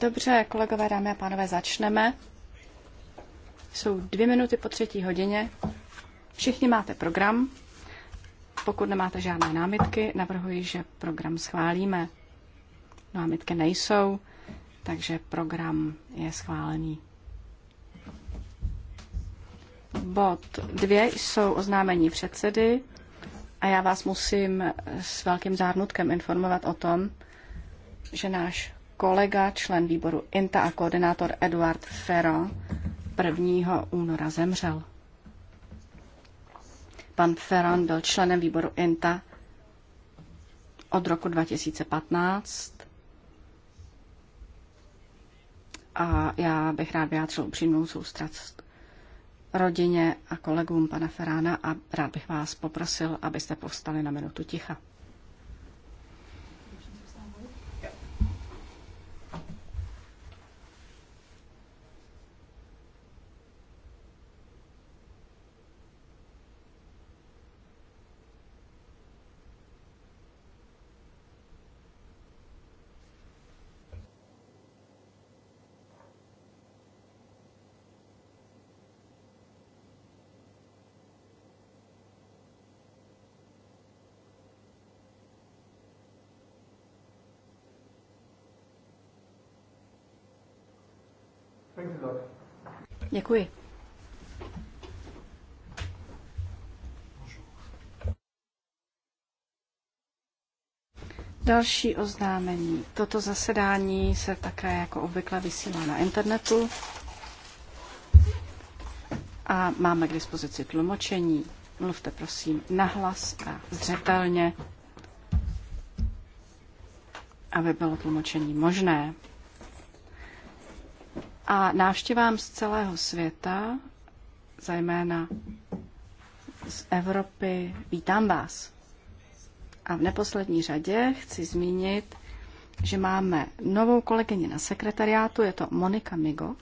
Dobře, kolegové, dámy a pánové, začneme. Jsou dvě minuty po třetí hodině. Všichni máte program. Pokud nemáte žádné námitky, navrhuji, že program schválíme. Námitky nejsou, takže program je schválený. Bod dvě jsou oznámení předsedy a já vás musím s velkým zárnutkem informovat o tom, že náš kolega, člen výboru INTA a koordinátor Eduard Ferro 1. února zemřel. Pan Ferron byl členem výboru INTA od roku 2015 a já bych rád vyjádřil upřímnou soustrast rodině a kolegům pana Ferána a rád bych vás poprosil, abyste povstali na minutu ticha. Děkuji. Další oznámení. Toto zasedání se také jako obvykle vysílá na internetu a máme k dispozici tlumočení. Mluvte prosím nahlas a zřetelně, aby bylo tlumočení možné a návštěvám z celého světa, zejména z Evropy, vítám vás. A v neposlední řadě chci zmínit, že máme novou kolegyni na sekretariátu, je to Monika Migo,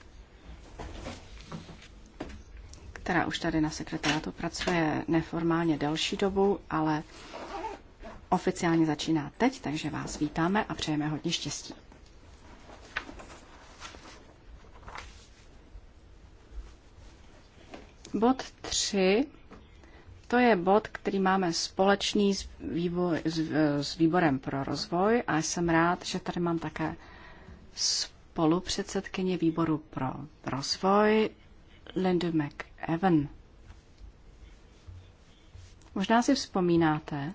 která už tady na sekretariátu pracuje neformálně delší dobu, ale oficiálně začíná teď, takže vás vítáme a přejeme hodně štěstí. Bod 3, to je bod, který máme společný s, výbor, s, s výborem pro rozvoj a jsem rád, že tady mám také spolupředsedkyně výboru pro rozvoj Lindu McEwan. Možná si vzpomínáte,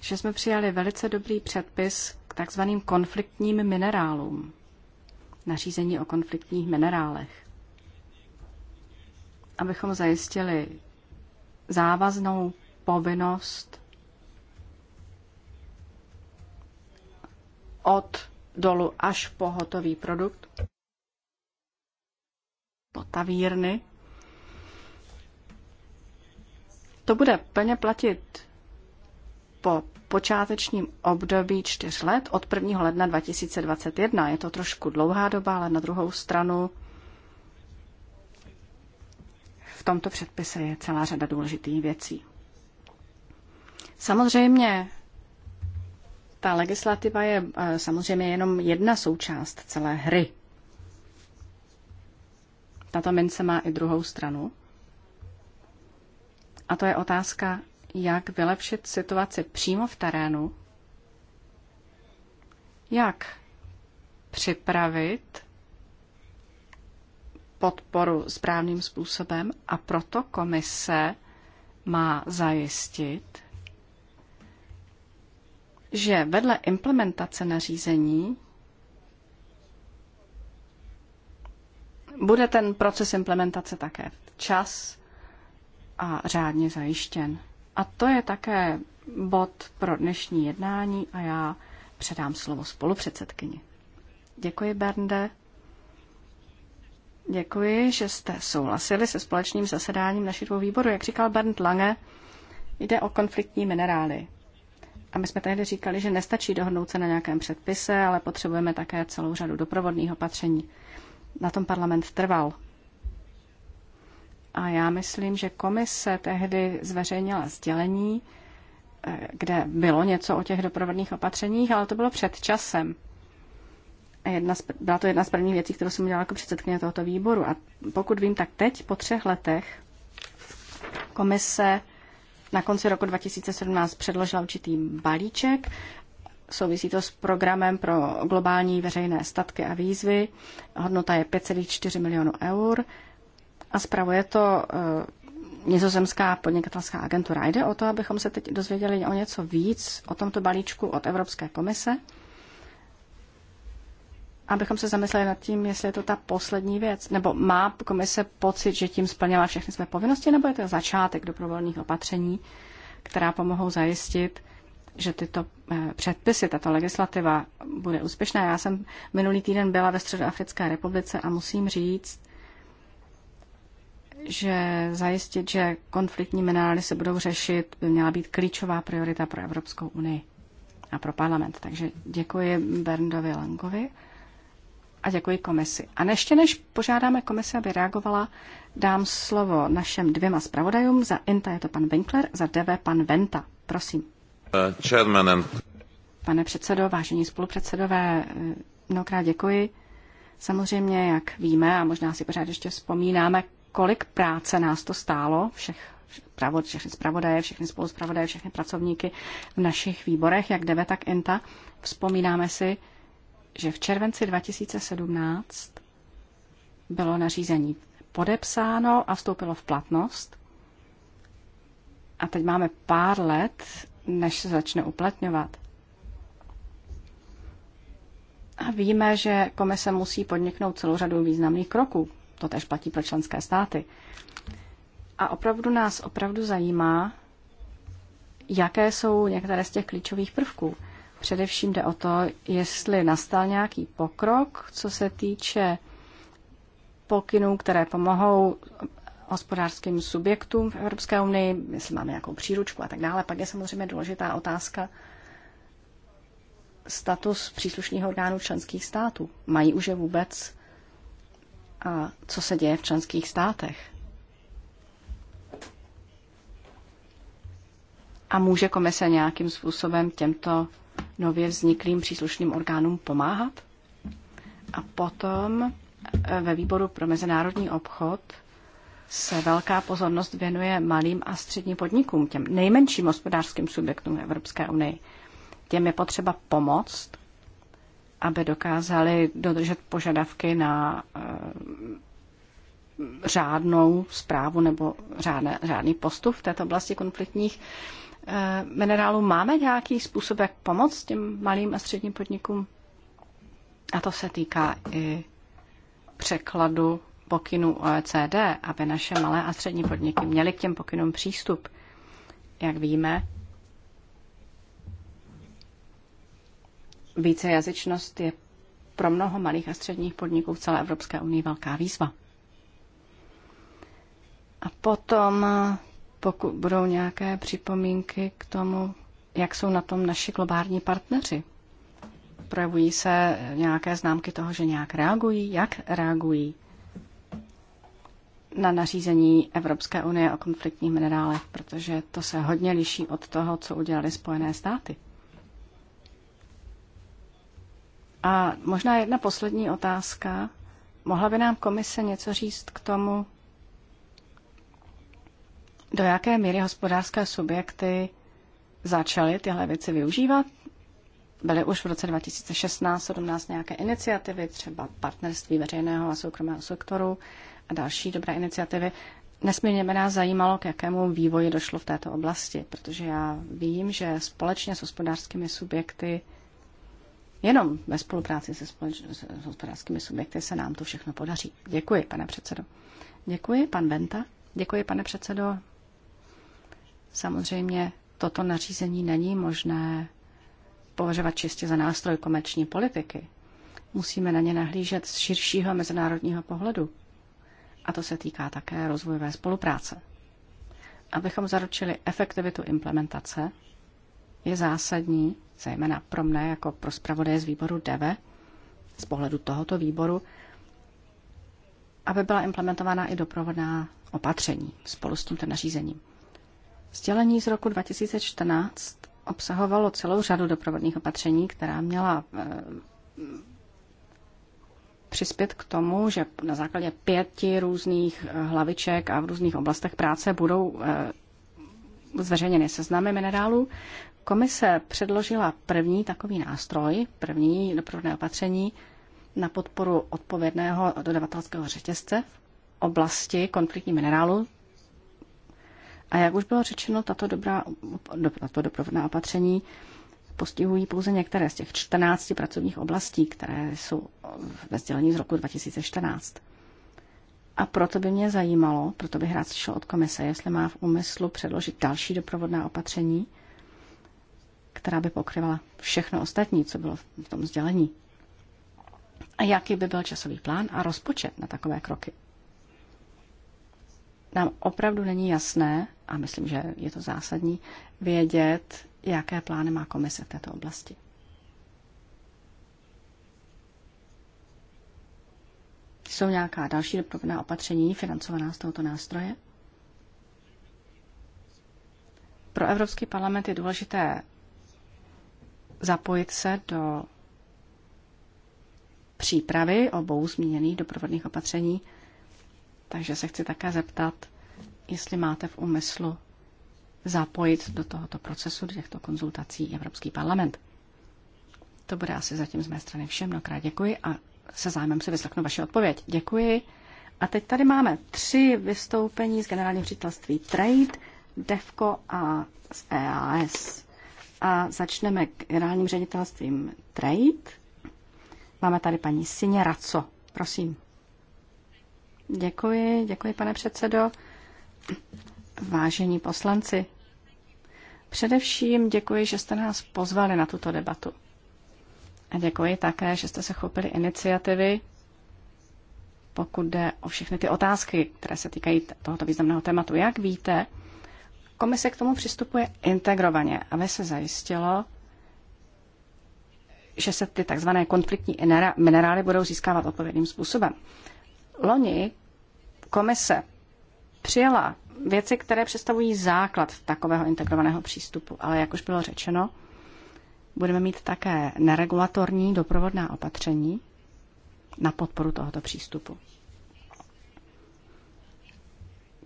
že jsme přijali velice dobrý předpis k takzvaným konfliktním minerálům. Nařízení o konfliktních minerálech abychom zajistili závaznou povinnost od dolu až po hotový produkt, po tavírny. To bude plně platit po počátečním období čtyř let od 1. ledna 2021. Je to trošku dlouhá doba, ale na druhou stranu v tomto předpise je celá řada důležitých věcí. Samozřejmě ta legislativa je eh, samozřejmě jenom jedna součást celé hry. Tato mince má i druhou stranu. A to je otázka, jak vylepšit situaci přímo v terénu, jak připravit podporu správným způsobem a proto komise má zajistit, že vedle implementace nařízení bude ten proces implementace také včas a řádně zajištěn. A to je také bod pro dnešní jednání a já předám slovo spolupředsedkyni. Děkuji, Bernde. Děkuji, že jste souhlasili se společným zasedáním našich dvou výborů. Jak říkal Bernd Lange, jde o konfliktní minerály. A my jsme tehdy říkali, že nestačí dohodnout se na nějakém předpise, ale potřebujeme také celou řadu doprovodných opatření. Na tom parlament trval. A já myslím, že komise tehdy zveřejnila sdělení, eh, kde bylo něco o těch doprovodných opatřeních, ale to bylo před časem. Jedna z, byla to jedna z prvních věcí, kterou jsem udělala jako předsedkyně tohoto výboru. A pokud vím, tak teď po třech letech komise na konci roku 2017 předložila určitý balíček. Souvisí to s programem pro globální veřejné statky a výzvy. Hodnota je 5,4 milionu eur a zpravuje to eh, Nizozemská podnikatelská agentura. Jde o to, abychom se teď dozvěděli o něco víc o tomto balíčku od Evropské komise abychom se zamysleli nad tím, jestli je to ta poslední věc, nebo má komise pocit, že tím splněla všechny své povinnosti, nebo je to začátek dobrovolných opatření, která pomohou zajistit, že tyto eh, předpisy, tato legislativa bude úspěšná. Já jsem minulý týden byla ve Středoafrické republice a musím říct, že zajistit, že konfliktní minerály se budou řešit, by měla být klíčová priorita pro Evropskou unii a pro parlament. Takže děkuji Berndovi Langovi a děkuji komisi. A ještě než požádáme komisi, aby reagovala, dám slovo našem dvěma zpravodajům. Za INTA je to pan Winkler, za DV pan Venta. Prosím. Uh, chairmanem. Pane předsedo, vážení spolupředsedové, eh, mnohokrát děkuji. Samozřejmě, jak víme, a možná si pořád ještě vzpomínáme, kolik práce nás to stálo, všech pravod, všechny zpravodaje, všechny spoluzpravodaje, všechny pracovníky v našich výborech, jak DV, tak INTA. Vzpomínáme si, že v červenci 2017 bylo nařízení podepsáno a vstoupilo v platnost. A teď máme pár let, než se začne uplatňovat. A víme, že komise musí podniknout celou řadu významných kroků. To tež platí pro členské státy. A opravdu nás opravdu zajímá, jaké jsou některé z těch klíčových prvků. Především jde o to, jestli nastal nějaký pokrok, co se týče pokynů, které pomohou hospodářským subjektům v Evropské unii, jestli máme nějakou příručku a tak dále. Pak je samozřejmě důležitá otázka status příslušných orgánů členských států. Mají už je vůbec a co se děje v členských státech? A může komise nějakým způsobem těmto nově vzniklým příslušným orgánům pomáhat. A potom eh, ve výboru pro mezinárodní obchod se velká pozornost věnuje malým a středním podnikům, těm nejmenším hospodářským subjektům Evropské unii. Těm je potřeba pomoct, aby dokázali dodržet požadavky na eh, řádnou zprávu nebo řádné, řádný postup v této oblasti konfliktních. Eh, minerálů máme nějaký způsob, jak pomoct těm malým a středním podnikům? A to se týká i překladu pokynů OECD, aby naše malé a střední podniky měly k těm pokynům přístup. Jak víme, vícejazyčnost je pro mnoho malých a středních podniků v celé Evropské unii velká výzva. A potom pokud budou nějaké připomínky k tomu, jak jsou na tom naši globální partneři. Projevují se nějaké známky toho, že nějak reagují, jak reagují na nařízení Evropské unie o konfliktních minerálech, protože to se hodně liší od toho, co udělali Spojené státy. A možná jedna poslední otázka. Mohla by nám komise něco říct k tomu, do jaké míry hospodářské subjekty začaly tyhle věci využívat. Byly už v roce 2016-17 nějaké iniciativy, třeba partnerství veřejného a soukromého sektoru a další dobré iniciativy. Nesmírně mě nás zajímalo, k jakému vývoji došlo v této oblasti, protože já vím, že společně s hospodářskými subjekty, jenom ve spolupráci se společ... s hospodářskými subjekty se nám to všechno podaří. Děkuji, pane předsedo. Děkuji, pan Venta. Děkuji, pane předsedo. Samozřejmě toto nařízení není možné považovat čistě za nástroj komerční politiky. Musíme na ně nahlížet z širšího mezinárodního pohledu. A to se týká také rozvojové spolupráce. Abychom zaručili efektivitu implementace, je zásadní, zejména pro mne jako pro zpravodaje z výboru DEVE, z pohledu tohoto výboru, aby byla implementována i doprovodná opatření spolu s tímto nařízením. Sdělení z roku 2014 obsahovalo celou řadu doprovodných opatření, která měla eh, přispět k tomu, že na základě pěti různých eh, hlaviček a v různých oblastech práce budou eh, zveřejněny seznamy minerálů. Komise předložila první takový nástroj, první doprovodné opatření na podporu odpovědného dodavatelského řetězce v oblasti konfliktní minerálu, a jak už bylo řečeno, tato, dobrá, tato doprovodná opatření postihují pouze některé z těch 14 pracovních oblastí, které jsou ve sdělení z roku 2014. A proto by mě zajímalo, proto bych rád slyšel od komise, jestli má v úmyslu předložit další doprovodná opatření, která by pokryvala všechno ostatní, co bylo v tom sdělení. A jaký by byl časový plán a rozpočet na takové kroky? nám opravdu není jasné, a myslím, že je to zásadní, vědět, jaké plány má komise v této oblasti. Jsou nějaká další doprovodná opatření financovaná z tohoto nástroje? Pro Evropský parlament je důležité zapojit se do přípravy obou zmíněných doprovodných opatření takže se chci také zeptat, jestli máte v úmyslu zapojit do tohoto procesu, do těchto konzultací Evropský parlament. To bude asi zatím z mé strany všem. Mnohokrát děkuji a se zájmem si vyslechnu vaši odpověď. Děkuji. A teď tady máme tři vystoupení z generálního ředitelství Trade, DEFCO a z EAS. A začneme generálním ředitelstvím Trade. Máme tady paní Sině Raco. Prosím. Děkuji, děkuji, pane předsedo. Vážení poslanci, především děkuji, že jste nás pozvali na tuto debatu. A děkuji také, že jste se chopili iniciativy, pokud jde o všechny ty otázky, které se týkají tohoto významného tématu. Jak víte, komise k tomu přistupuje integrovaně, aby se zajistilo, že se ty tzv. konfliktní minerály budou získávat odpovědným způsobem. Loni komise přijala věci, které představují základ takového integrovaného přístupu, ale jak už bylo řečeno, budeme mít také neregulatorní doprovodná opatření na podporu tohoto přístupu.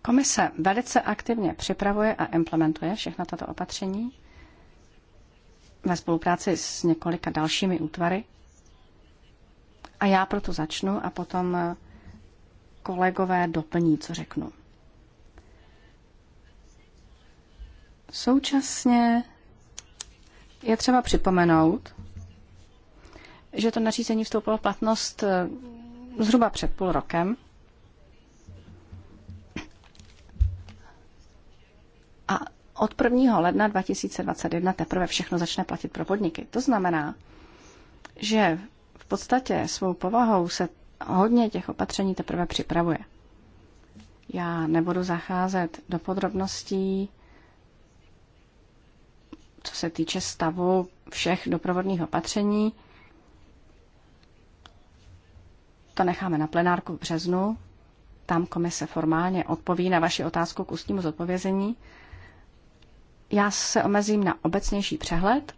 Komise velice aktivně připravuje a implementuje všechna tato opatření ve spolupráci s několika dalšími útvary. A já proto začnu a potom kolegové doplní, co řeknu. Současně je třeba připomenout, že to nařízení vstoupilo v platnost eh, zhruba před půl rokem. A od 1. ledna 2021 teprve všechno začne platit pro podniky. To znamená, že v podstatě svou povahou se hodně těch opatření teprve připravuje. Já nebudu zacházet do podrobností, co se týče stavu všech doprovodných opatření. To necháme na plenárku v březnu. Tam komise formálně odpoví na vaši otázku k ústnímu zodpovězení. Já se omezím na obecnější přehled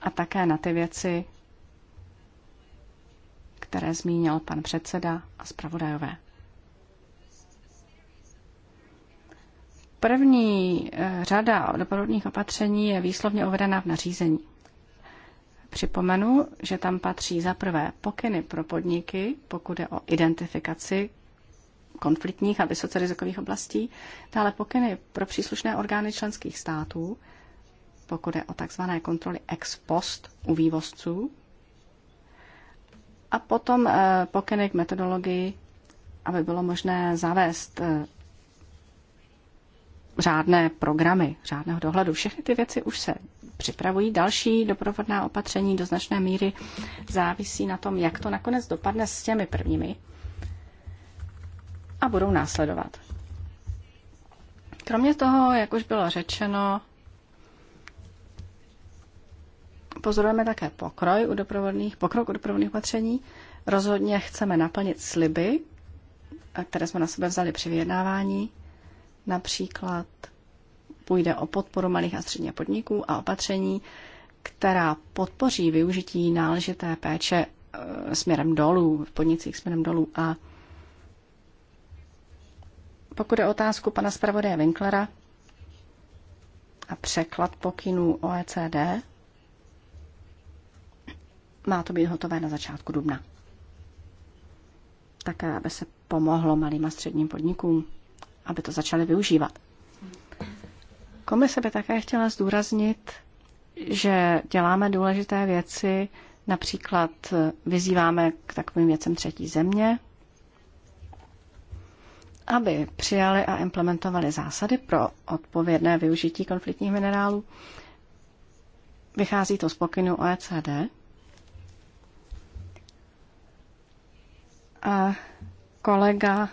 a také na ty věci, které zmínil pan předseda a zpravodajové. První eh, řada doprovodných opatření je výslovně uvedena v nařízení. Připomenu, že tam patří za prvé pokyny pro podniky, pokud je o identifikaci konfliktních a vysoce rizikových oblastí, dále pokyny pro příslušné orgány členských států, pokud je o tzv. kontroly ex post u vývozců, a potom eh, pokyny k metodologii, aby bylo možné zavést eh, řádné programy, řádného dohledu. Všechny ty věci už se připravují. Další doprovodná opatření do značné míry závisí na tom, jak to nakonec dopadne s těmi prvními a budou následovat. Kromě toho, jak už bylo řečeno, pozorujeme také pokroj u doprovodných, pokrok u doprovodných opatření. Rozhodně chceme naplnit sliby, které jsme na sebe vzali při vyjednávání. Například půjde o podporu malých a středních podniků a opatření, která podpoří využití náležité péče e, směrem dolů, v podnicích směrem dolů. A pokud je otázku pana zpravodaje Winklera a překlad pokynů OECD, má to být hotové na začátku dubna. Také, aby se pomohlo malým a středním podnikům, aby to začaly využívat. Komise by také chtěla zdůraznit, že děláme důležité věci, například vyzýváme k takovým věcem třetí země, aby přijali a implementovali zásady pro odpovědné využití konfliktních minerálů. Vychází to z pokynu OECD A kolega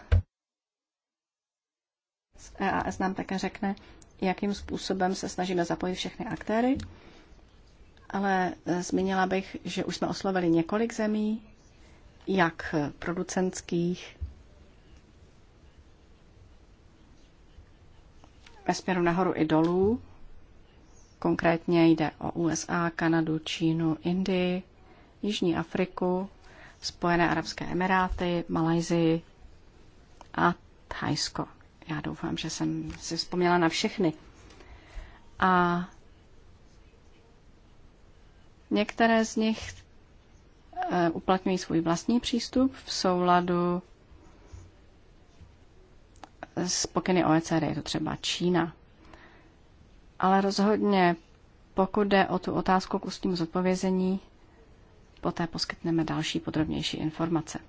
z EAS nám také řekne, jakým způsobem se snažíme zapojit všechny aktéry. Ale e, zmínila bych, že už jsme oslovili několik zemí, jak producentských, ve směru nahoru i dolů. Konkrétně jde o USA, Kanadu, Čínu, Indii, Jižní Afriku, Spojené Arabské Emiráty, Malajzii a Thajsko. Já doufám, že jsem si vzpomněla na všechny. A některé z nich eh, uplatňují svůj vlastní přístup v souladu s pokyny OECD, je to třeba Čína. Ale rozhodně, pokud jde o tu otázku k ústnímu zodpovězení, Poté poskytneme další podrobnější informace.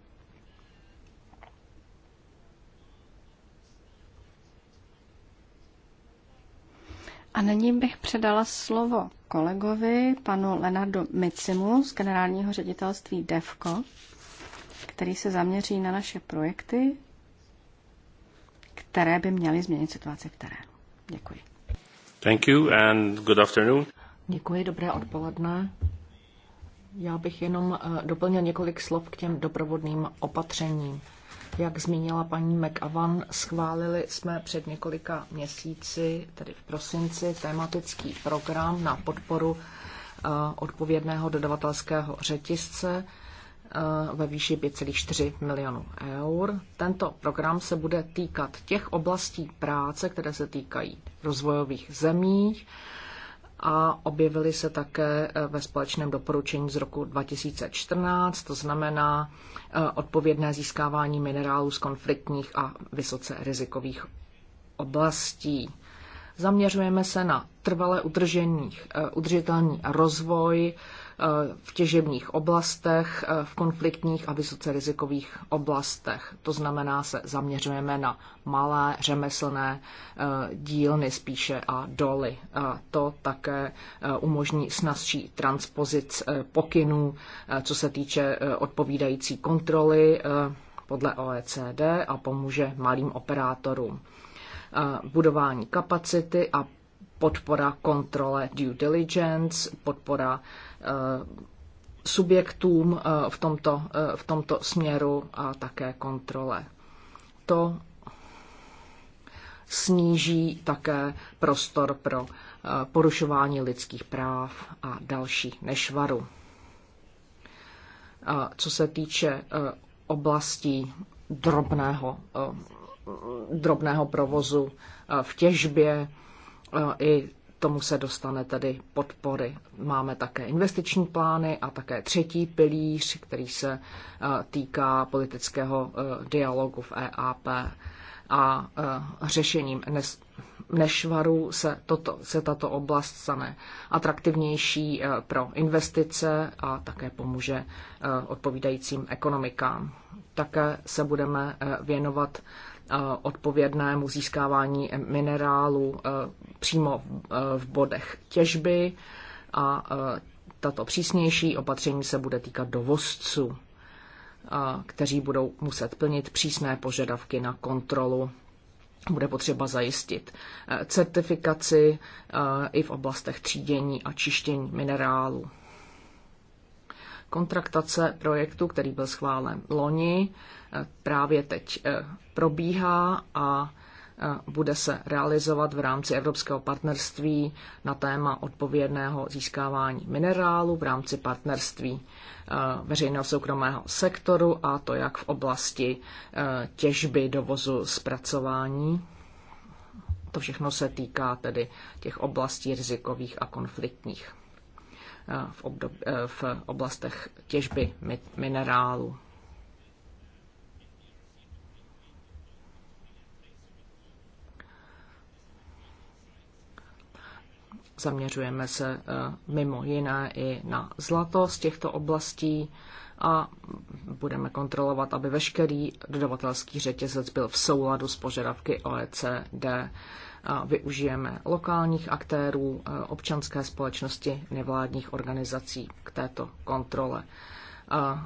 A nyní bych předala slovo kolegovi, panu Lenardu Micimu z generálního ředitelství DEVCO, který se zaměří na naše projekty, které by měly změnit situaci v terénu. Děkuji. Thank you and good afternoon. Děkuji, dobré odpoledne. Já bych jenom eh, doplnil několik slov k těm doprovodným opatřením. Jak zmínila paní McAvan, schválili jsme před několika měsíci, tedy v prosinci, tematický program na podporu eh, odpovědného dodavatelského řetězce eh, ve výši 5,4 milionů eur. Tento program se bude týkat těch oblastí práce, které se týkají rozvojových zemích, a objevily se také eh, ve společném doporučení z roku 2014, to znamená eh, odpovědné získávání minerálů z konfliktních a vysoce rizikových oblastí. Zaměřujeme se na trvale eh, udržitelný rozvoj eh, v těžebních oblastech, eh, v konfliktních a vysoce rizikových oblastech. To znamená, se zaměřujeme na malé řemeslné dílny spíše a doly. A to také umožní snazší transpozic pokynů, co se týče odpovídající kontroly podle OECD a pomůže malým operátorům budování kapacity a podpora kontrole due diligence, podpora eh, subjektům eh, v tomto, eh, v tomto směru a také kontrole. To sníží také prostor pro porušování lidských práv a další nešvaru. co se týče oblastí drobného drobného provozu eh, v těžbě. Eh, I tomu se dostane tedy podpory. Máme také investiční plány a také třetí pilíř, který se eh, týká politického dialogu v EAP a řešením nešvarů se, toto, se tato oblast stane atraktivnější pro investice a také pomůže odpovídajícím ekonomikám. Také se budeme věnovat odpovědnému získávání minerálu e, přímo e, v bodech těžby a e, tato přísnější opatření se bude týkat dovozců, kteří budou muset plnit přísné požadavky na kontrolu bude potřeba zajistit certifikaci i v oblastech třídění a čištění minerálu. Kontraktace projektu, který byl schválen loni, e, právě teď e, probíhá a e, bude se realizovat v rámci Evropského partnerství na téma odpovědného získávání minerálu v rámci partnerství veřejného soukromého sektoru a to jak v oblasti těžby, dovozu, zpracování. To všechno se týká tedy těch oblastí rizikových a konfliktních. Eh, v, obdob, eh, v oblastech těžby minerálu. Zaměřujeme se eh, mimo jiné i na zlato z těchto oblastí a budeme kontrolovat, aby veškerý dodavatelský řetězec byl v souladu s požadavky OECD. Využijeme lokálních aktérů, e, občanské společnosti, nevládních organizací k této kontrole e,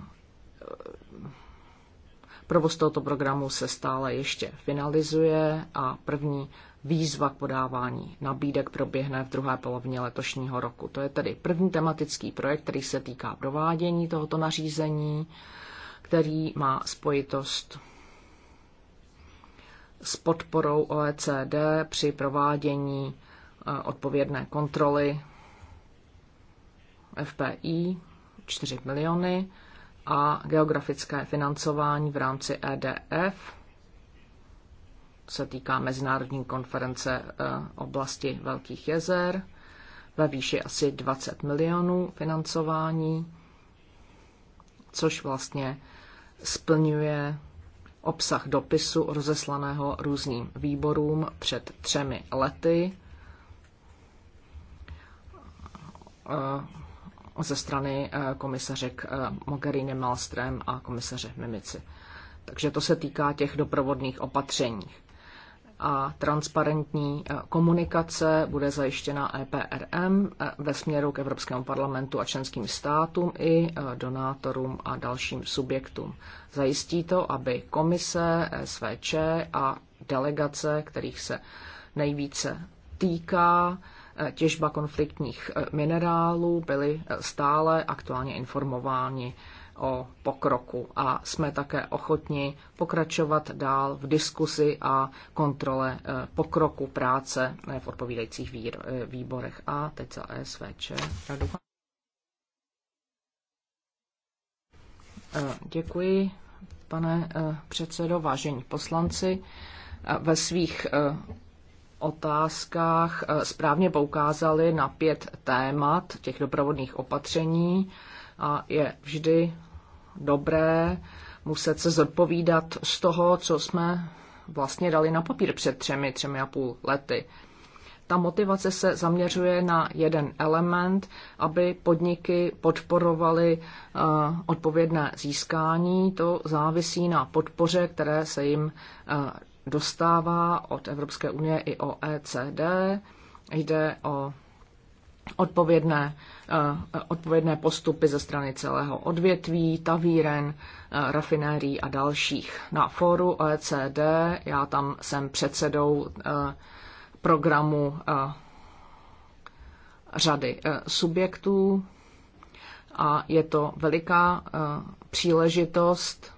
Provoz tohoto programu se stále ještě finalizuje a první výzva k podávání nabídek proběhne v druhé polovině letošního roku. To je tedy první tematický projekt, který se týká provádění tohoto nařízení, který má spojitost s podporou OECD při provádění eh, odpovědné kontroly FPI 4 miliony a geografické financování v rámci EDF se týká Mezinárodní konference eh, oblasti Velkých jezer ve výši asi 20 milionů financování, což vlastně splňuje obsah dopisu rozeslaného různým výborům před třemi lety eh, ze strany eh, komisařek eh, Mogherini Malström a komisaře Mimici. Takže to se týká těch doprovodných opatření. A transparentní eh, komunikace bude zajištěna EPRM ve směru k Evropskému parlamentu a členským státům i donátorům a dalším subjektům. Zajistí to, aby komise, SVČ a delegace, kterých se nejvíce týká, Eh, těžba konfliktních eh, minerálů, byli eh, stále aktuálně informováni o pokroku a jsme také ochotni pokračovat dál v diskusi a kontrole pokroku práce v odpovídajících výborech. A teď za ESVČ. Děkuji, pane předsedo, vážení poslanci. Ve svých otázkách eh, správně poukázali na pět témat těch doprovodných opatření a je vždy dobré muset se zodpovídat z toho, co jsme vlastně dali na papír před třemi, třemi a půl lety. Ta motivace se zaměřuje na jeden element, aby podniky podporovaly eh, odpovědné získání. To závisí na podpoře, které se jim eh, dostává od Evropské unie i OECD. Jde o odpovědné, eh, odpovědné postupy ze strany celého odvětví, tavíren, eh, rafinérií a dalších. Na fóru OECD, já tam jsem předsedou eh, programu řady subjektů a je to veliká příležitost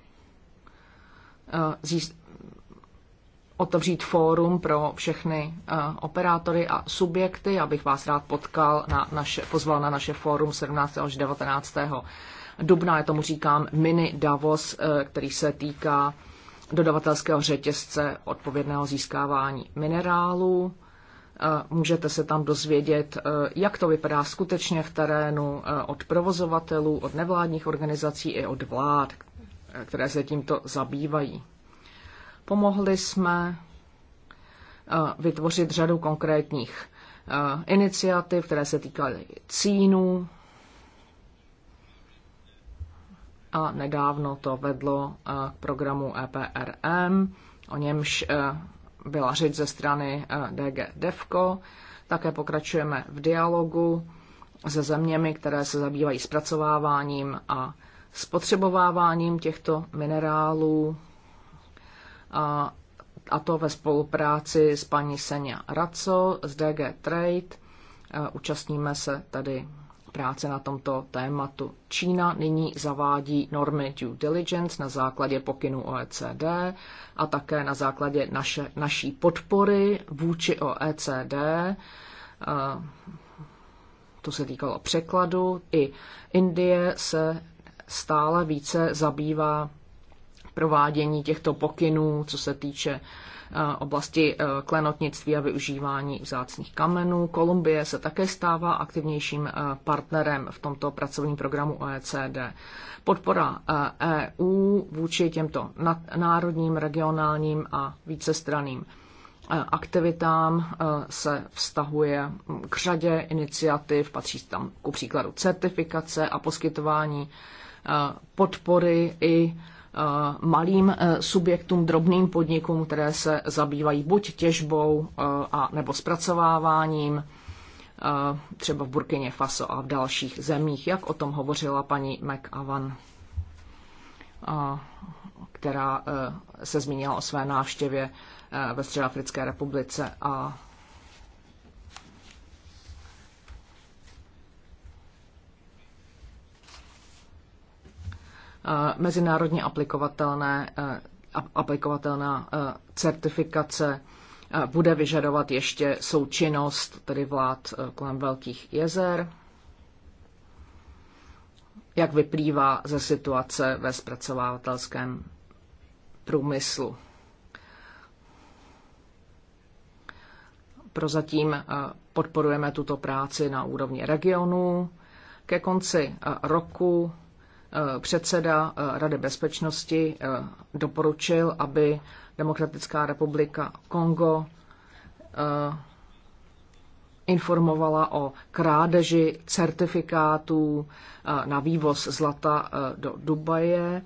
otevřít fórum pro všechny eh, operátory a subjekty. Abych vás rád potkal, na naše, pozval na naše fórum 17. až 19. dubna. Já tomu říkám mini Davos, eh, který se týká dodavatelského řetězce odpovědného získávání minerálů. Eh, můžete se tam dozvědět, jak to vypadá skutečně v terénu od provozovatelů, od nevládních organizací i od vlád, které se tímto zabývají. Pomohli jsme eh, vytvořit řadu konkrétních eh, iniciativ, které se týkaly cínů. A nedávno to vedlo eh, k programu EPRM, o němž byla řeč ze strany DG Devko. Také pokračujeme v dialogu se zeměmi, které se zabývají zpracováváním a spotřebováváním těchto minerálů a, a to ve spolupráci s paní Senia Raco z DG Trade. E, účastníme se tady práce na tomto tématu. Čína nyní zavádí normy due diligence na základě pokynů OECD a také na základě naše, naší podpory vůči OECD. E, to se týkalo překladu. I Indie se stále více zabývá provádění těchto pokynů, co se týče eh, oblasti eh, klenotnictví a využívání vzácných kamenů. Kolumbie se také stává aktivnějším eh, partnerem v tomto pracovním programu OECD. Podpora EU e vůči těmto národním, regionálním a vícestranným aktivitám se vztahuje hm, k řadě iniciativ, patří tam ku příkladu certifikace a poskytování podpory i Eh, malým eh, subjektům, drobným podnikům, které se zabývají buď těžbou eh, a nebo zpracováváním, třeba v Burkině Faso a v dalších zemích, jak o tom hovořila paní McAvan, která se zmínila o své návštěvě ve Středoafrické republice a Eh, mezinárodně aplikovatelné, eh, aplikovatelná eh, certifikace bude vyžadovat ještě součinnost tedy vlád kolem velkých jezer, jak vyplývá ze situace ve zpracovatelském průmyslu. Prozatím podporujeme tuto práci na úrovni regionů. Ke konci roku Eh, předseda eh, Rady bezpečnosti eh, doporučil, aby Demokratická republika Kongo informovala o krádeži certifikátů na vývoz zlata do Dubaje.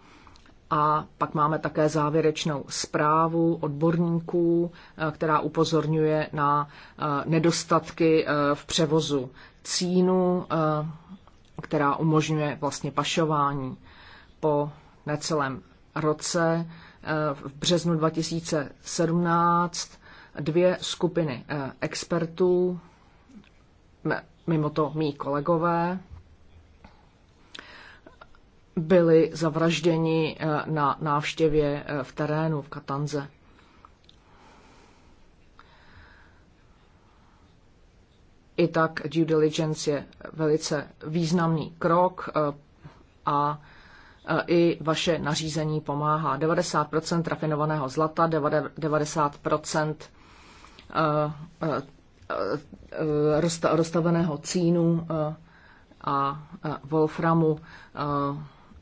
A pak máme také závěrečnou zprávu odborníků, která upozorňuje na nedostatky v převozu cínu která umožňuje vlastně pašování. Po necelém roce eh, v březnu 2017 dvě skupiny eh, expertů, mimo to mý kolegové, byli zavražděni eh, na návštěvě v terénu v Katanze. I tak due diligence je velice významný krok eh, a eh, i vaše nařízení pomáhá. 90 rafinovaného zlata, 90 eh, rozstaveného cínu a wolframu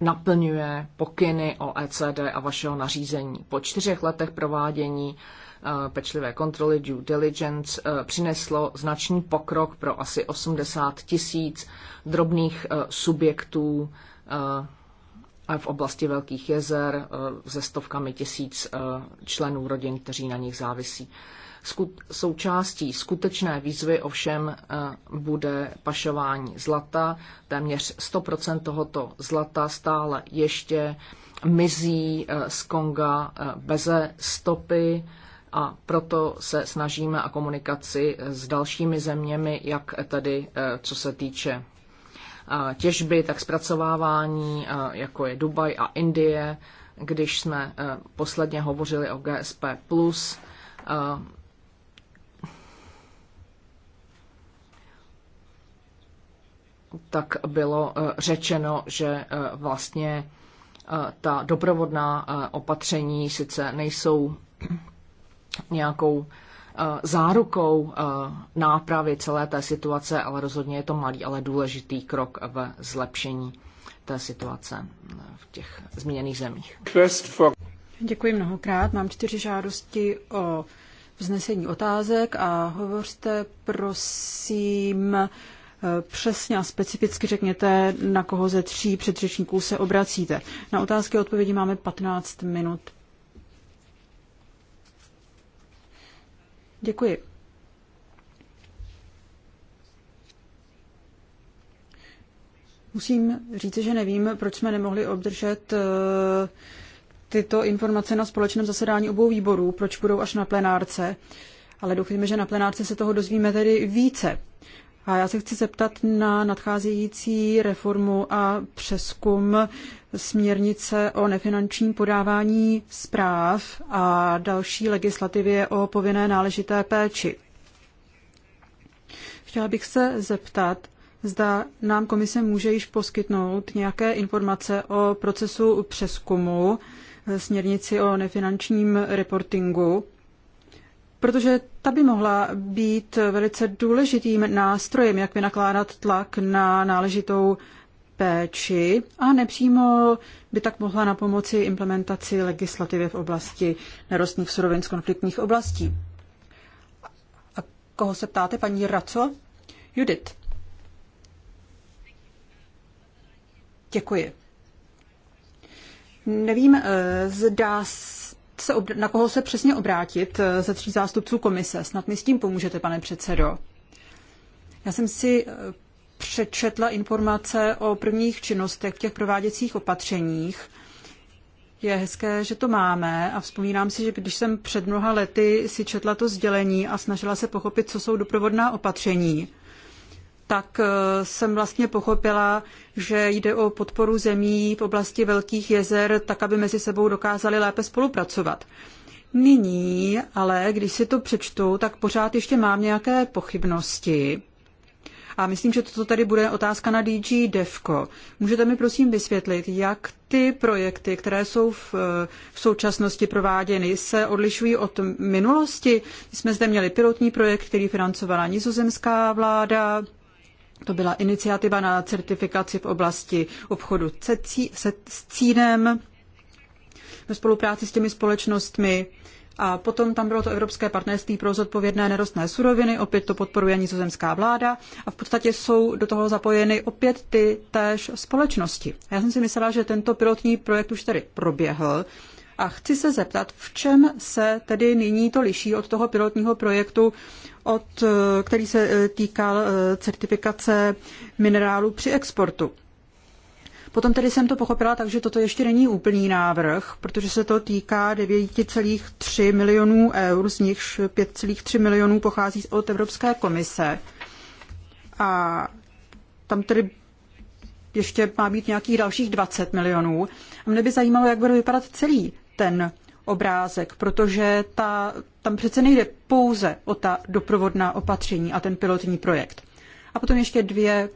naplňuje pokyny o ECD a vašeho nařízení. Po čtyřech letech provádění eh, pečlivé kontroly due diligence eh, přineslo značný pokrok pro asi 80 tisíc drobných eh, subjektů v oblasti Velkých jezer se stovkami tisíc členů rodin, kteří na nich závisí. Součástí skutečné výzvy ovšem eh, bude pašování zlata. Téměř 100% tohoto zlata stále ještě mizí eh, z Konga eh, beze stopy a proto se snažíme a komunikaci s dalšími zeměmi, jak tedy co se týče těžby, tak zpracovávání, jako je Dubaj a Indie, když jsme posledně hovořili o GSP+, tak bylo eh, řečeno, že eh, vlastně eh, ta doprovodná opatření sice nejsou nějakou zárukou nápravy celé té situace, ale rozhodně je to malý, ale důležitý krok ve zlepšení té situace v těch zmíněných zemích. Děkuji mnohokrát. Mám čtyři žádosti o vznesení otázek a hovořte prosím přesně a specificky řekněte, na koho ze tří předřečníků se obracíte. Na otázky a odpovědi máme 15 minut. Děkuji. Musím říct, že nevím, proč jsme nemohli obdržet eh, tyto informace na společném zasedání obou výborů, proč budou až na plenárce, ale doufejme, že na plenárce se toho dozvíme tedy více. A já se chci zeptat na nadcházející reformu a přeskum směrnice o nefinančním podávání zpráv a další legislativě o povinné náležité péči. Chtěla bych se zeptat, zda nám komise může již poskytnout nějaké informace o procesu přeskumu směrnici o nefinančním reportingu protože ta by mohla být velice důležitým nástrojem, jak vynakládat tlak na náležitou péči a nepřímo by tak mohla na pomoci implementaci legislativy v oblasti nerostných surovin z konfliktních oblastí. A koho se ptáte, paní Raco? Judith. Děkuji. Nevím, eh, zdá, se, na koho se přesně obrátit eh, ze tří zástupců komise. Snad mi s tím pomůžete, pane předsedo. Já jsem si eh, přečetla informace o prvních činnostech v těch prováděcích opatřeních. Je hezké, že to máme a vzpomínám si, že když jsem před mnoha lety si četla to sdělení a snažila se pochopit, co jsou doprovodná opatření, tak eh, jsem vlastně pochopila, že jde o podporu zemí v oblasti velkých jezer, tak aby mezi sebou dokázali lépe spolupracovat. Nyní, ale když si to přečtu, tak pořád ještě mám nějaké pochybnosti. A myslím, že toto tady bude otázka na DG Devco. Můžete mi prosím vysvětlit, jak ty projekty, které jsou v, eh, v současnosti prováděny, se odlišují od minulosti? My jsme zde měli pilotní projekt, který financovala nizozemská vláda. To byla iniciativa na certifikaci v oblasti obchodu se, s cínem ve spolupráci s těmi společnostmi. A potom tam bylo to Evropské partnerství pro zodpovědné nerostné suroviny, opět to podporuje nizozemská vláda a v podstatě jsou do toho zapojeny opět ty též společnosti. Já jsem si myslela, že tento pilotní projekt už tedy proběhl a chci se zeptat, v čem se tedy nyní to liší od toho pilotního projektu od, který se eh, týkal eh, certifikace minerálu při exportu. Potom tedy jsem to pochopila tak, že toto ještě není úplný návrh, protože se to týká 9,3 milionů eur, z nichž 5,3 milionů pochází od Evropské komise. A tam tedy ještě má být nějakých dalších 20 milionů. A mne by zajímalo, jak bude vypadat celý ten obrázek, protože ta, tam přece nejde pouze o ta doprovodná opatření a ten pilotní projekt. A potom ještě dvě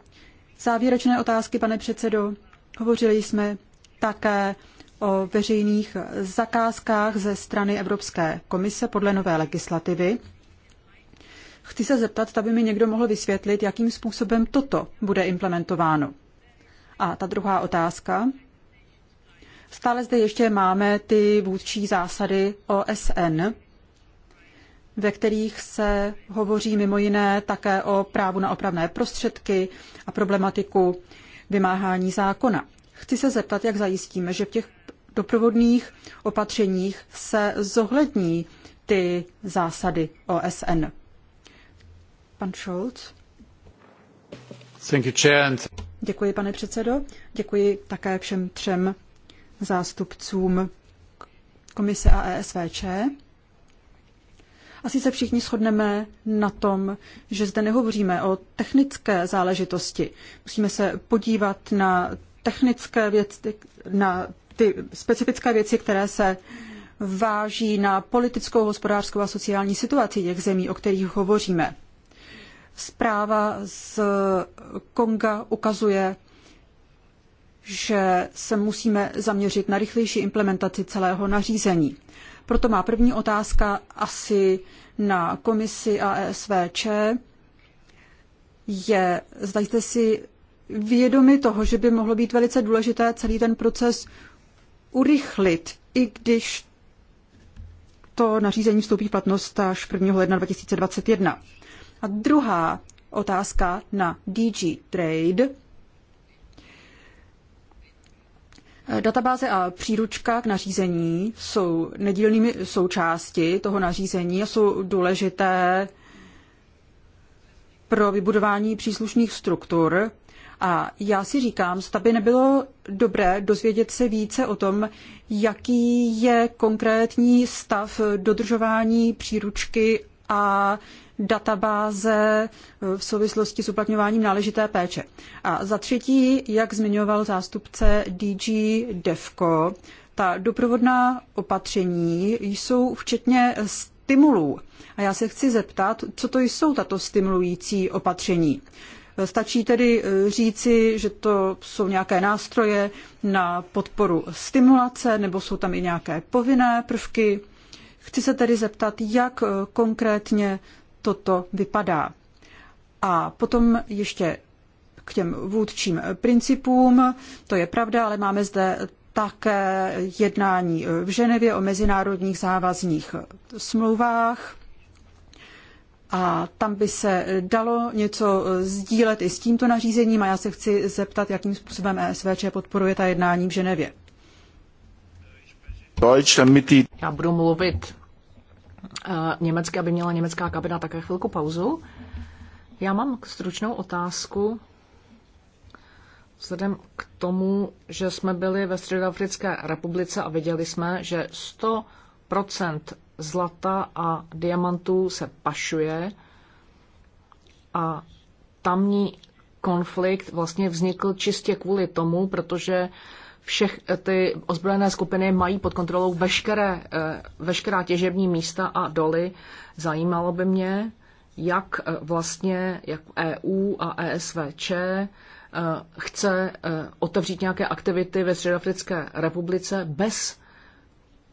závěrečné otázky, pane předsedo. Hovořili jsme také o veřejných zakázkách ze strany Evropské komise podle nové legislativy. Chci se zeptat, aby mi někdo mohl vysvětlit, jakým způsobem toto bude implementováno. A ta druhá otázka. Stále zde ještě máme ty vůdčí zásady OSN, ve kterých se hovoří mimo jiné také o právu na opravné prostředky a problematiku vymáhání zákona. Chci se zeptat, jak zajistíme, že v těch doprovodných opatřeních se zohlední ty zásady OSN. Pan Scholz. Děkuji, pane předsedo. Děkuji také všem třem zástupcům komise a ESVČ. Asi se všichni shodneme na tom, že zde nehovoříme o technické záležitosti. Musíme se podívat na technické věci, na ty specifické věci, které se váží na politickou, hospodářskou a sociální situaci těch zemí, o kterých hovoříme. Zpráva z Konga ukazuje, že se musíme zaměřit na rychlejší implementaci celého nařízení. Proto má první otázka asi na komisi a ESVČ je, zda jste si vědomi toho, že by mohlo být velice důležité celý ten proces urychlit, i když to nařízení vstoupí v platnost až 1. ledna 2021. A druhá otázka na DG Trade – Databáze a příručka k nařízení jsou nedílnými součásti toho nařízení a jsou důležité pro vybudování příslušných struktur. A já si říkám, zda by nebylo dobré dozvědět se více o tom, jaký je konkrétní stav dodržování příručky a databáze v souvislosti s uplatňováním náležité péče. A za třetí, jak zmiňoval zástupce DG DEFCO, ta doprovodná opatření jsou včetně stimulů. A já se chci zeptat, co to jsou tato stimulující opatření. Stačí tedy eh, říci, že to jsou nějaké nástroje na podporu stimulace, nebo jsou tam i nějaké povinné prvky? Chci se tedy zeptat, jak eh, konkrétně toto vypadá. A potom ještě k těm vůdčím principům. To je pravda, ale máme zde také jednání eh, v Ženevě o mezinárodních závazných smlouvách. A tam by se dalo něco eh, sdílet i s tímto nařízením a já se chci zeptat, jakým způsobem ESVČ podporuje ta jednání v Ženevě. Já budu mluvit německy, aby měla německá kabina také chvilku pauzu. Já mám stručnou otázku. Vzhledem k tomu, že jsme byli ve Středoafrické republice a viděli jsme, že 100 zlata a diamantů se pašuje a tamní konflikt vlastně vznikl čistě kvůli tomu, protože všech eh, ty ozbrojené skupiny mají pod kontrolou veškeré, eh, veškerá těžební místa a doly. Zajímalo by mě, jak eh, vlastně jak EU a ESVČ chce otevřít nějaké aktivity ve Středoafrické republice bez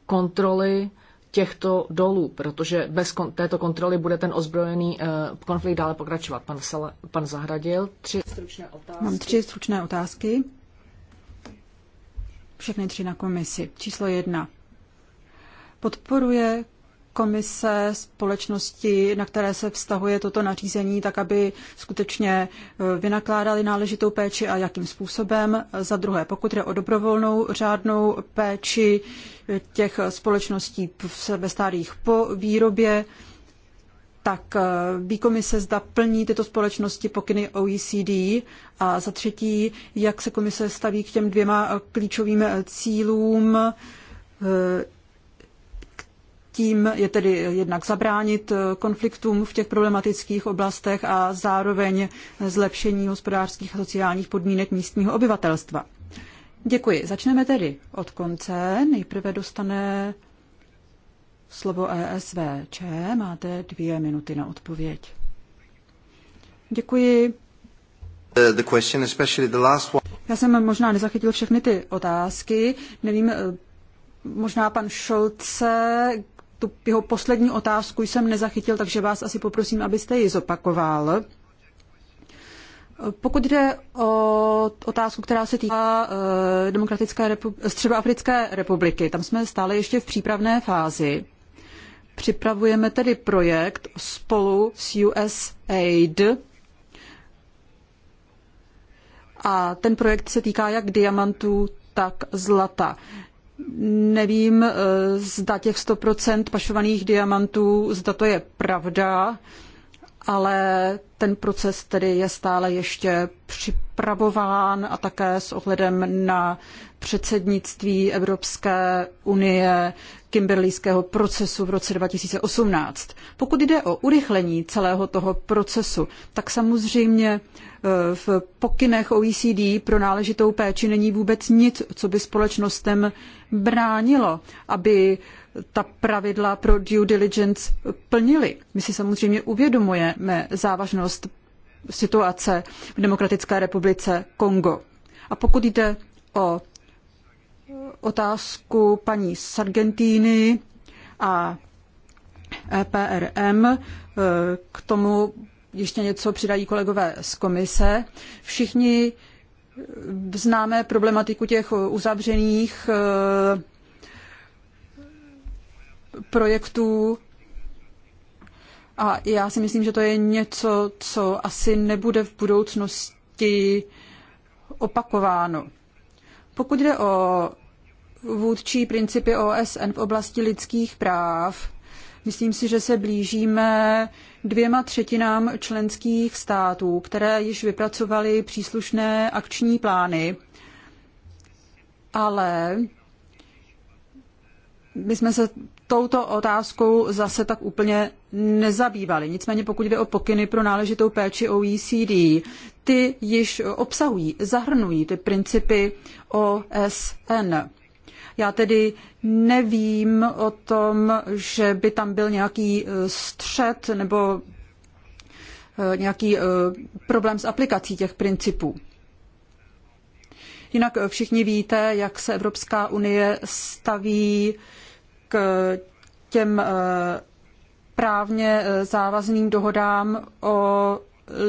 kontroly těchto dolů, protože bez kon- této kontroly bude ten ozbrojený uh, konflikt dále pokračovat. Pan, Sala, pan Zahradil, tři stručné otázky. Mám tři stručné otázky všechny tři na komisi. Číslo jedna. Podporuje komise společnosti, na které se vztahuje toto nařízení, tak aby skutečně e, vynakládali náležitou péči a jakým způsobem. Za druhé, pokud jde o dobrovolnou řádnou péči e, těch společností ve stádích po výrobě, tak eh, ví komise zda plní tyto společnosti pokyny OECD a za třetí, jak se komise staví k těm dvěma eh, klíčovým eh, cílům. Tím je tedy jednak zabránit konfliktům v těch problematických oblastech a zároveň zlepšení hospodářských a sociálních podmínek místního obyvatelstva. Děkuji. Začneme tedy od konce. Nejprve dostane slovo ESVČ. Máte dvě minuty na odpověď. Děkuji. The question, especially the last one. Já jsem možná nezachytil všechny ty otázky. Nevím, eh, možná pan Šolce, tu jeho poslední otázku jsem nezachytil, takže vás asi poprosím, abyste ji zopakoval. Pokud jde o otázku, která se týká eh, Demokratické repu- Středoafrické republiky, tam jsme stále ještě v přípravné fázi. Připravujeme tedy projekt spolu s USAID a ten projekt se týká jak diamantů, tak zlata. Nevím, eh, zda těch 100% pašovaných diamantů, zda to je pravda ale ten proces tedy je stále ještě připravován a také s ohledem na předsednictví Evropské unie kimberlíského procesu v roce 2018. Pokud jde o urychlení celého toho procesu, tak samozřejmě eh, v pokynech OECD pro náležitou péči není vůbec nic, co by společnostem bránilo, aby ta pravidla pro due diligence plnili. My si samozřejmě uvědomujeme závažnost situace v Demokratické republice Kongo. A pokud jde o otázku paní Sargentini a EPRM, e, k tomu ještě něco přidají kolegové z komise. Všichni známe problematiku těch uzavřených e, projektů. A já si myslím, že to je něco, co asi nebude v budoucnosti opakováno. Pokud jde o vůdčí principy OSN v oblasti lidských práv, myslím si, že se blížíme dvěma třetinám členských států, které již vypracovaly příslušné akční plány, ale my jsme se touto otázkou zase tak úplně nezabývali. Nicméně pokud jde o pokyny pro náležitou péči OECD, ty již obsahují, zahrnují ty principy OSN. Já tedy nevím o tom, že by tam byl nějaký eh, střed nebo eh, nějaký eh, problém s aplikací těch principů. Jinak všichni víte, jak se Evropská unie staví k těm eh, právně eh, závazným dohodám o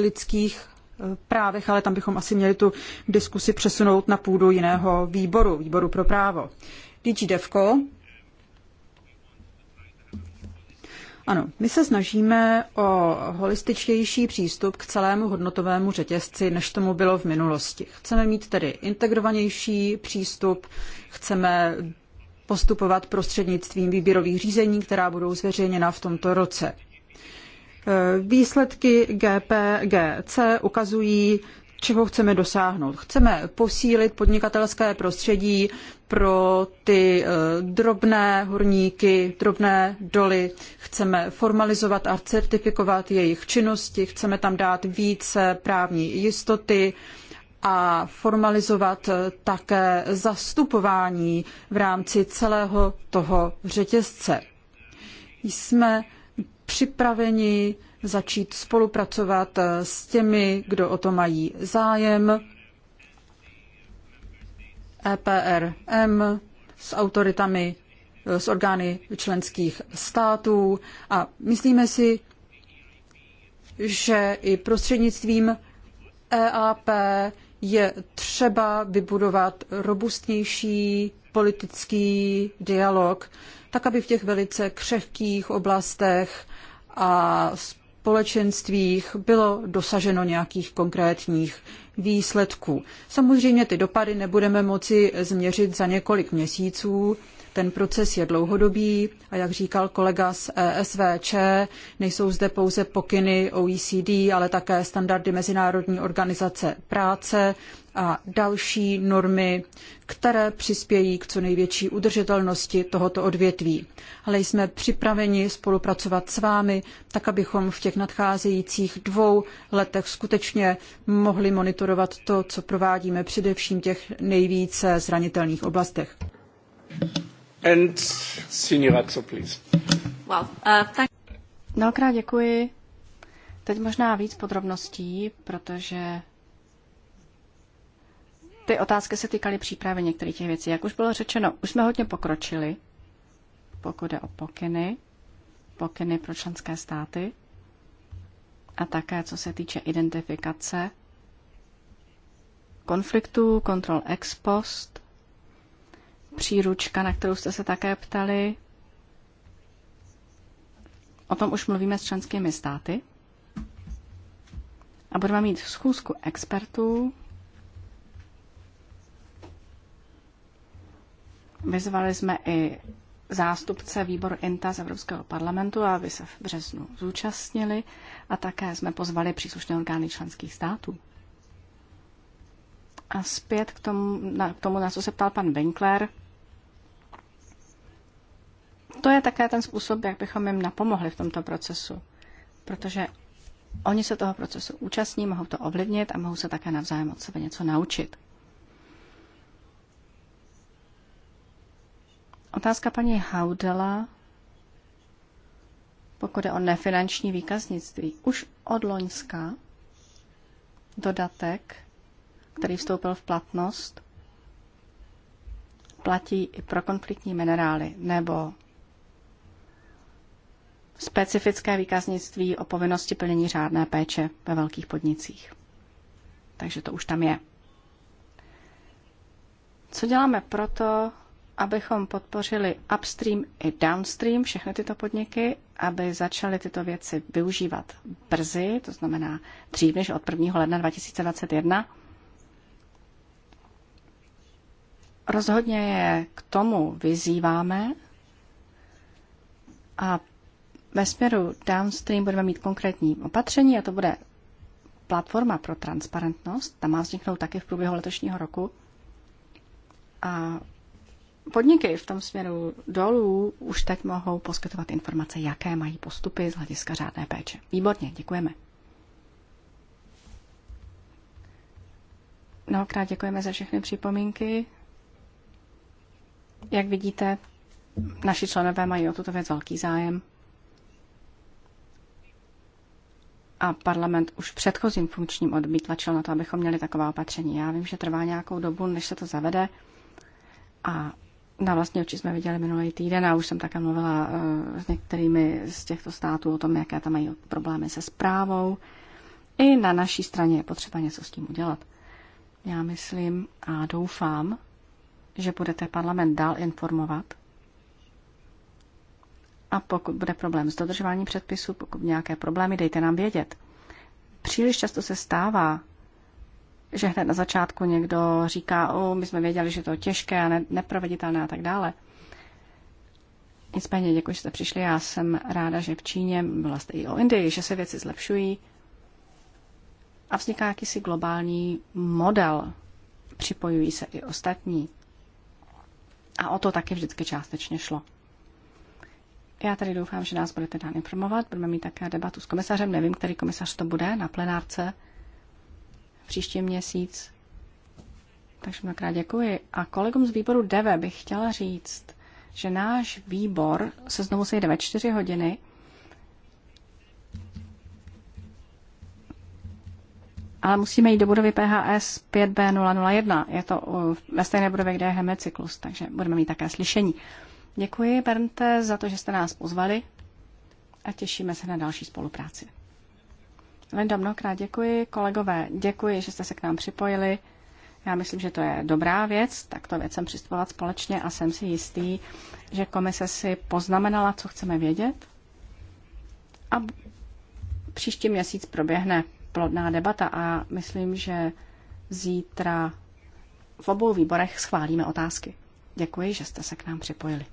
lidských eh, právech, ale tam bychom asi měli tu diskusi přesunout na půdu jiného výboru, výboru pro právo. DG Devko. Ano, my se snažíme o holističtější přístup k celému hodnotovému řetězci, než tomu bylo v minulosti. Chceme mít tedy integrovanější přístup, chceme postupovat prostřednictvím výběrových řízení, která budou zveřejněna v tomto roce. E, výsledky GPGC ukazují, čeho chceme dosáhnout. Chceme posílit podnikatelské prostředí pro ty e, drobné horníky, drobné doly. Chceme formalizovat a certifikovat jejich činnosti. Chceme tam dát více právní jistoty a formalizovat také zastupování v rámci celého toho řetězce. Jsme připraveni začít spolupracovat s těmi, kdo o to mají zájem, EPRM, s autoritami, s orgány členských států a myslíme si, že i prostřednictvím EAP je třeba vybudovat robustnější politický dialog, tak aby v těch velice křehkých oblastech a společenstvích bylo dosaženo nějakých konkrétních výsledků. Samozřejmě ty dopady nebudeme moci změřit za několik měsíců, ten proces je dlouhodobý a jak říkal kolega z ESVČ, nejsou zde pouze pokyny OECD, ale také standardy Mezinárodní organizace práce a další normy, které přispějí k co největší udržitelnosti tohoto odvětví. Ale jsme připraveni spolupracovat s vámi, tak abychom v těch nadcházejících dvou letech skutečně mohli monitorovat to, co provádíme především těch nejvíce zranitelných oblastech. And Sinirazzo, please. Well, uh, thank... Mnohokrát děkuji. Teď možná víc podrobností, protože ty otázky se týkaly přípravy některých těch věcí. Jak už bylo řečeno, už jsme hodně pokročili, pokud jde o pokyny, pokyny pro členské státy a také co se týče identifikace konfliktů, kontrol ex post příručka, na kterou jste se také ptali. O tom už mluvíme s členskými státy. A budeme mít schůzku expertů. Vyzvali jsme i zástupce výboru INTA z Evropského parlamentu, aby se v březnu zúčastnili a také jsme pozvali příslušné orgány členských států. A zpět k tomu, na, k tomu, na co se ptal pan Winkler – to je také ten způsob, jak bychom jim napomohli v tomto procesu. Protože oni se toho procesu účastní, mohou to ovlivnit a mohou se také navzájem od sebe něco naučit. Otázka paní Haudela, pokud je o nefinanční výkaznictví. Už od Loňska dodatek, který vstoupil v platnost, platí i pro konfliktní minerály nebo specifické výkaznictví o povinnosti plnění řádné péče ve velkých podnicích. Takže to už tam je. Co děláme proto, abychom podpořili upstream i downstream všechny tyto podniky, aby začaly tyto věci využívat brzy, to znamená dřív než od 1. ledna 2021. Rozhodně je k tomu vyzýváme a ve směru downstream budeme mít konkrétní opatření a to bude platforma pro transparentnost. Ta má vzniknout taky v průběhu letošního roku. A podniky v tom směru dolů už teď mohou poskytovat informace, jaké mají postupy z hlediska řádné péče. Výborně, děkujeme. Mnohokrát děkujeme za všechny připomínky. Jak vidíte, naši členové mají o tuto věc velký zájem. a parlament už v předchozím funkčním odbí tlačil na to, abychom měli taková opatření. Já vím, že trvá nějakou dobu, než se to zavede a na vlastní oči jsme viděli minulý týden a už jsem také mluvila eh, s některými z těchto států o tom, jaké tam mají problémy se zprávou. I na naší straně je potřeba něco s tím udělat. Já myslím a doufám, že budete parlament dál informovat a pokud bude problém s dodržováním předpisů, pokud nějaké problémy, dejte nám vědět. Příliš často se stává, že hned na začátku někdo říká, o, my jsme věděli, že to je těžké a neproveditelné a tak dále. Nicméně děkuji, že jste přišli. Já jsem ráda, že v Číně, byla jste i o Indii, že se věci zlepšují a vzniká jakýsi globální model. Připojují se i ostatní. A o to taky vždycky částečně šlo. Já tady doufám, že nás budete dál informovat. Budeme mít také debatu s komisařem. Nevím, který komisař to bude na plenárce příští měsíc. Takže mnohokrát děkuji. A kolegům z výboru DEVE bych chtěla říct, že náš výbor se znovu sejde ve čtyři hodiny ale musíme jít do budovy PHS 5B001. Je to eh, ve stejné budově, kde je Hemecyklus, takže budeme mít také slyšení. Děkuji, Bernte, za to, že jste nás pozvali a těšíme se na další spolupráci. Linda, mnohokrát děkuji. Kolegové, děkuji, že jste se k nám připojili. Já myslím, že to je dobrá věc, takto věcem přistupovat společně a jsem si jistý, že komise si poznamenala, co chceme vědět. A příští měsíc proběhne plodná debata a myslím, že zítra v obou výborech schválíme otázky. Děkuji, že jste se k nám připojili.